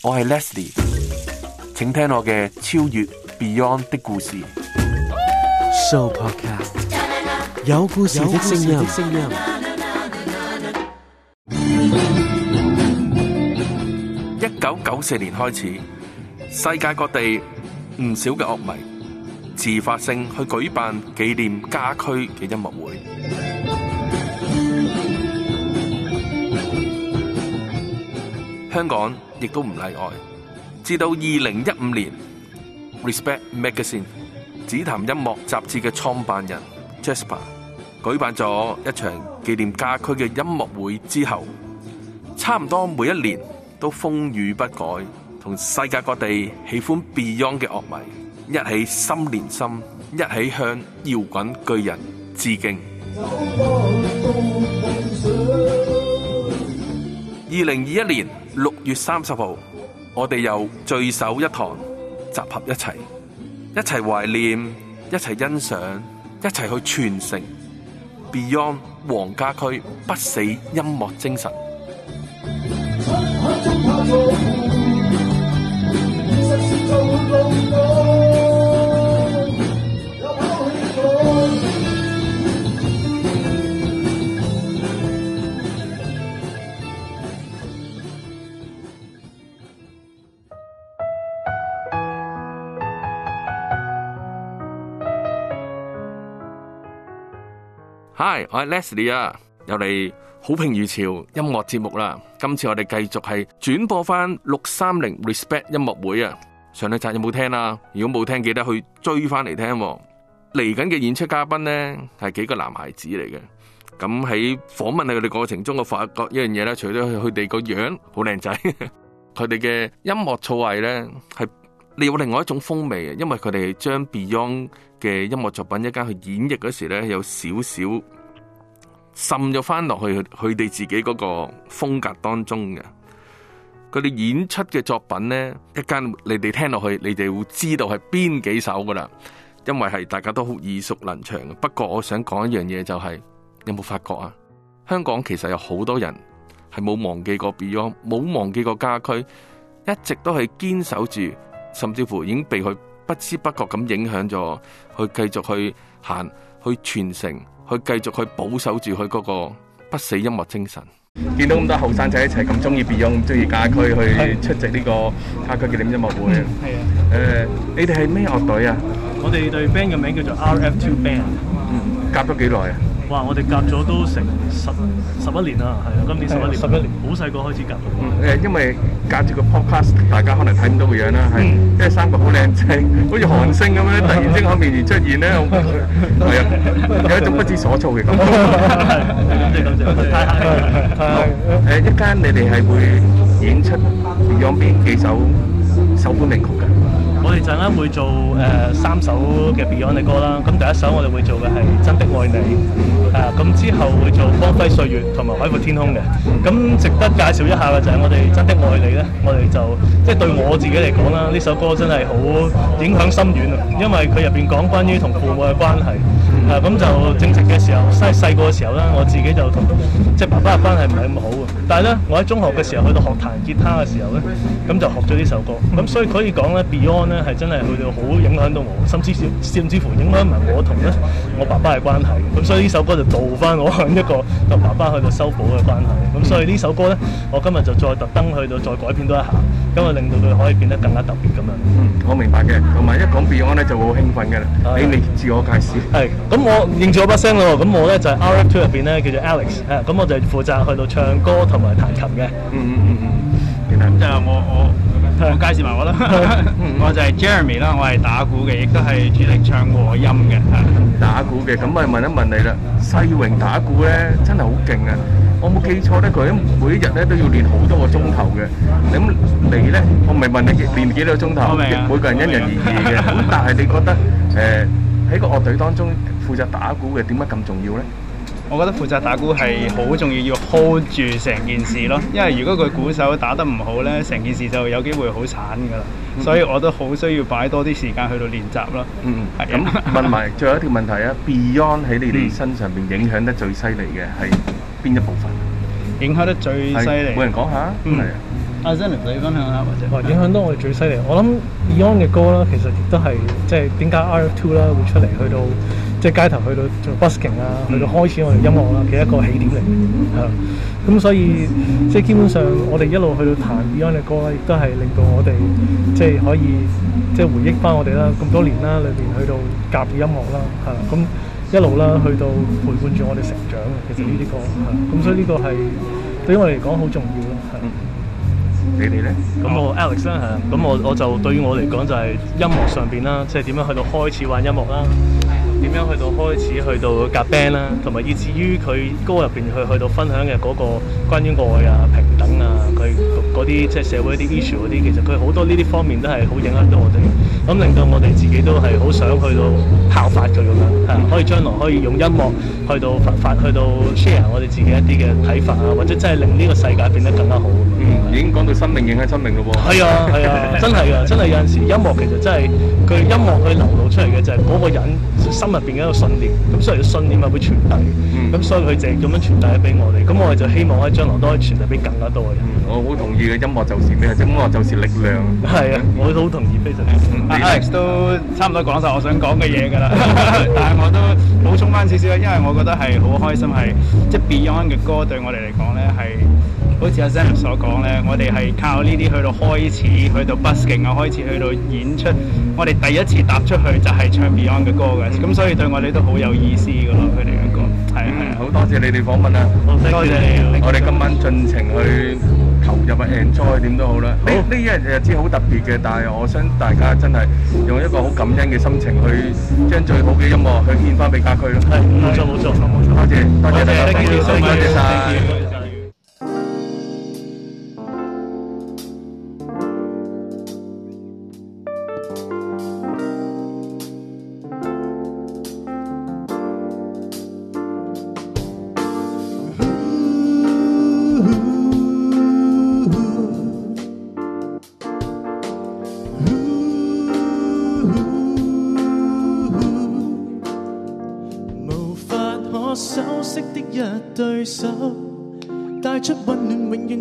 我係 Leslie，請聽我嘅超越 Beyond 的故事。So Podcast 有故事的聲音。一九九四年開始，世界各地唔少嘅樂迷自發性去舉辦紀念家駒嘅音樂會。香港。亦都唔例外。至到二零一五年，Respect Magazine《紫檀音樂雜誌》嘅創辦人 Jasper 舉辦咗一場紀念家駒嘅音樂會之後，差唔多每一年都風雨不改，同世界各地喜歡 Beyond 嘅樂迷一起心連心，一起向搖滾巨人致敬。二零二一年。六月三十號我哋又聚首一堂，集合一齊，一齊懷念，一齊欣賞，一齊去傳承 Beyond 黃家駒不死音樂精神。我係 Leslie 啊，又嚟好評如潮音樂節目啦。今次我哋繼續係轉播翻六三零 Respect 音樂會啊。上兩集有冇聽啊？如果冇聽，記得去追翻嚟聽。嚟緊嘅演出嘉賓咧係幾個男孩子嚟嘅。咁喺訪問佢哋過程中，我發覺一樣嘢咧，除咗佢哋個樣好靚仔，佢哋嘅音樂造詣咧係另有另外一種風味。因為佢哋將 Beyond 嘅音樂作品一間去演繹嗰時咧，有少少。滲咗翻落去佢哋自己嗰個風格當中嘅，佢哋演出嘅作品呢，一間你哋聽落去，你哋會知道係邊幾首噶啦，因為係大家都好耳熟能詳。不過我想講一樣嘢就係，有冇發覺啊？香港其實有好多人係冇忘記過 Beyond，冇忘記過家駒，一直都係堅守住，甚至乎已經被佢不知不覺咁影響咗，去繼續去行。去傳承，去繼續去保守住佢嗰個不死音樂精神。見到咁多後生仔一齊咁中意 Beyond，中意家駒，區去出席呢個家駒紀念音樂會。係啊、嗯，誒、呃，你哋係咩樂隊啊？我哋隊 band 嘅名叫做 R.F.2 Band。嗯，夾咗幾耐啊？哇！我哋夾咗都成十十一年啦，係啊，今年十一年，十一年，好細個開始夾。嗯，誒，因為隔住個 podcast，大家可能睇唔到個樣啦，係，因為三個好靚仔，好似韓星咁樣，突然之間喺面前出現咧，係啊，有一種不知所措嘅感覺。多謝多謝。誒，一間你哋係會演出，唱邊幾首首本名曲？我哋陣間會做誒、呃、三首嘅 Beyond 嘅歌啦，咁第一首我哋會做嘅係《真的愛你》，誒、啊、咁之後會做《光輝歲月》同埋《海闊天空》嘅。咁值得介紹一下嘅就係我哋《真的愛你》咧，我哋就即係、就是、對我自己嚟講啦，呢首歌真係好影響深遠啊，因為佢入邊講關於同父母嘅關係。嗱咁就正值嘅時候，細細個嘅時候咧，我自己就同即係爸爸嘅關係唔係咁好嘅。但係咧，我喺中學嘅時候去到學彈吉他嘅時候咧，咁就學咗呢首歌。咁所以可以講咧，Beyond 咧係真係去到好影響到我，甚至乎甚至乎影響埋我同咧我爸爸嘅關係。咁所以呢首歌就導翻我向一個同爸爸去到修補嘅關係。咁所以呢首歌咧，我今日就再特登去到再改編多一下，咁啊令到佢可以變得更加特別咁樣。嗯，我明白嘅。同埋一講 Beyond 咧，就會好興奮嘅啦。你未自我介紹？係。咁我認住我把聲咯，咁我咧就喺 RF2 入邊咧叫做 Alex，咁我就係負責去到唱歌同埋彈琴嘅。嗯嗯嗯嗯嗯，然後即係我我介紹埋我啦，我就係 Jeremy 啦，我係打鼓嘅，亦都係主力唱和音嘅。打鼓嘅，咁我問一問你啦，世榮打鼓咧真係好勁啊！我冇記錯咧，佢每一日咧都要練好多個鐘頭嘅。咁你咧，我咪問你練幾多鐘頭？每個人因人而異嘅。咁但係你覺得誒喺個樂隊當中，負責打鼓嘅點解咁重要咧？我覺得負責打鼓係好重要，要 hold 住成件事咯。因為如果佢鼓手打得唔好咧，成件事就有機會好慘噶啦。所以我都好需要擺多啲時間去到練習咯。嗯，係咁。問埋最後一條問題啊，Beyond 喺你哋身上邊影響得最犀利嘅係邊一部分？影響得最犀利，冇人講下啊？嗯，阿 Selim 你分享啦，或者，哦，影響到我哋最犀利。我諗 Beyond 嘅歌啦，其實亦都係即係點解 RF Two 啦會出嚟去到。即係街頭去到做 busking 啦、嗯，去到開始我哋音樂啦嘅、嗯、一個起點嚟嘅嚇。咁所以即係基本上我哋一路去到彈 Beyond 嘅歌咧，亦都係令到我哋即係可以即係回憶返我哋啦，咁多年啦，裏邊去到夾住音樂啦嚇。咁一路啦，去到陪伴住我哋成長嘅其實呢啲歌嚇。咁所以呢個係對於我嚟講好重要咯嚇。你哋咧？咁我 Alex 啦，嚇。咁我我就對於我嚟講就係音樂上邊啦，即係點樣去到開始玩音樂啦。點樣去到開始，去到夾 band 啦，同埋以至於佢歌入邊去去到分享嘅個關於愛啊、平等啊，佢啲即係社會一啲 issue 啲，其實佢好多呢啲方面都係好影響到我哋，咁令到我哋自己都係好想去到效法佢咁樣，係可以將來可以用音樂去到發發去到 share 我哋自己一啲嘅睇法啊，或者真係令呢個世界變得更加好。已經講到生命影響生命咯喎！係啊，係啊，真係啊，真係有陣時音樂其實真係佢音樂佢流露出嚟嘅就係嗰個人心入邊嘅一個信念，咁所以信念咪會傳遞，咁所以佢淨係咁樣傳遞咗俾我哋，咁我哋就希望喺將來都可以傳遞俾更加多嘅人。我好同意嘅，音樂就是咩？音樂就是力量。係啊，我都好同意。非常之 Alex 都差唔多講晒我想講嘅嘢㗎啦，但係我都補充翻少少啦，因為我覺得係好開心係即係 Beyond 嘅歌對我哋嚟講咧係。好似阿 Sam 所講咧，我哋係靠呢啲去到開始，去到 busking 啊，開始去到演出，我哋第一次踏出去就係唱 Beyond 嘅歌嘅，咁所以對我哋都好有意思噶咯。佢哋兩個，係，好多謝你哋訪問啊，多謝你，我哋今晚盡情去投入 Encore，點都好啦。呢呢一日日子好特別嘅，但係我想大家真係用一個好感恩嘅心情去將最好嘅音樂去獻翻俾家區咯。係，冇錯冇錯，多謝，多謝，多謝，多謝曬。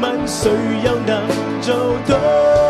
問誰又能做到？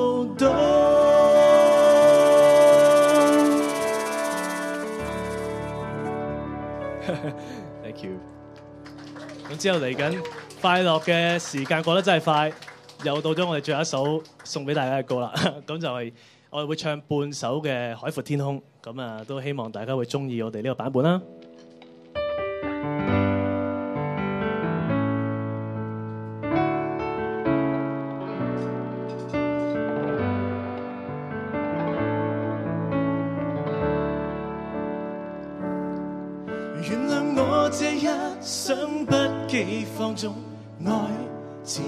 Thank you。咁之後嚟緊 快樂嘅時間過得真係快，又到咗我哋最後一首送俾大家嘅歌啦。咁 就係我哋會唱半首嘅《海闊天空》。咁啊，都希望大家會中意我哋呢個版本啦，啊。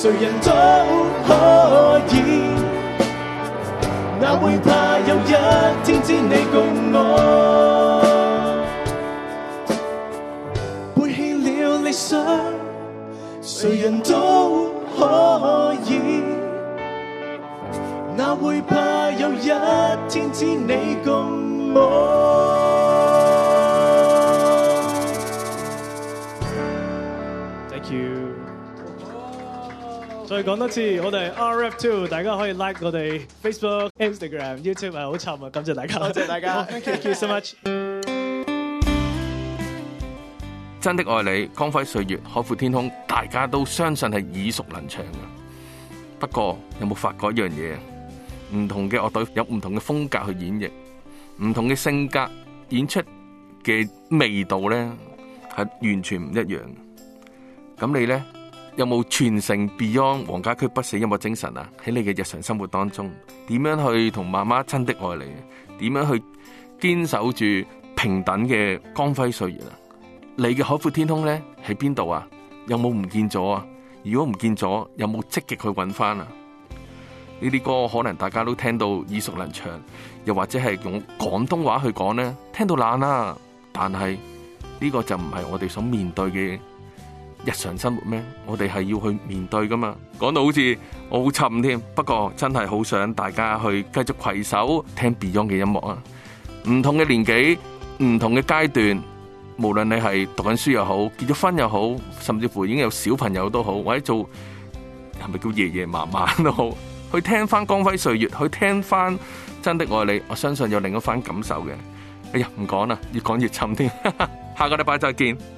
誰人都可以，哪會怕有一天只你共我。背棄了理想，誰人都可以，哪會怕有一天只你共我。再講多次，我哋 R.F. Two，大家可以 like 我哋 Facebook、Instagram、YouTube 係好沉啊！感謝大家，多謝大家，Thank you so much。真的愛你，光輝歲月，海闊天空，大家都相信係耳熟能詳嘅。不過有冇發覺一樣嘢？唔同嘅樂隊有唔同嘅風格去演繹，唔同嘅性格演出嘅味道咧係完全唔一樣。咁你咧？有冇傳承 Beyond 黃家駒不死音樂精神啊？喺你嘅日常生活當中，點樣去同媽媽真的愛你？點樣去堅守住平等嘅光輝歲月啊？你嘅海闊天空呢？喺邊度啊？有冇唔見咗啊？如果唔見咗，有冇積極去揾翻啊？呢啲歌可能大家都聽到耳熟能詳，又或者係用廣東話去講呢？聽到爛啦。但係呢、這個就唔係我哋所面對嘅。日常生活咩？我哋係要去面對噶嘛？講到好似我好沉添，不過真係好想大家去繼續攜手聽 Beyond 嘅音樂啊！唔同嘅年紀，唔同嘅階段，無論你係讀緊書又好，結咗婚又好，甚至乎已經有小朋友都好，或者做係咪叫爺爺嫲嫲都好，去聽翻光輝歲月，去聽翻真的愛你，我相信有另一番感受嘅。哎呀，唔講啦，越講越沉添。 下個禮拜再見。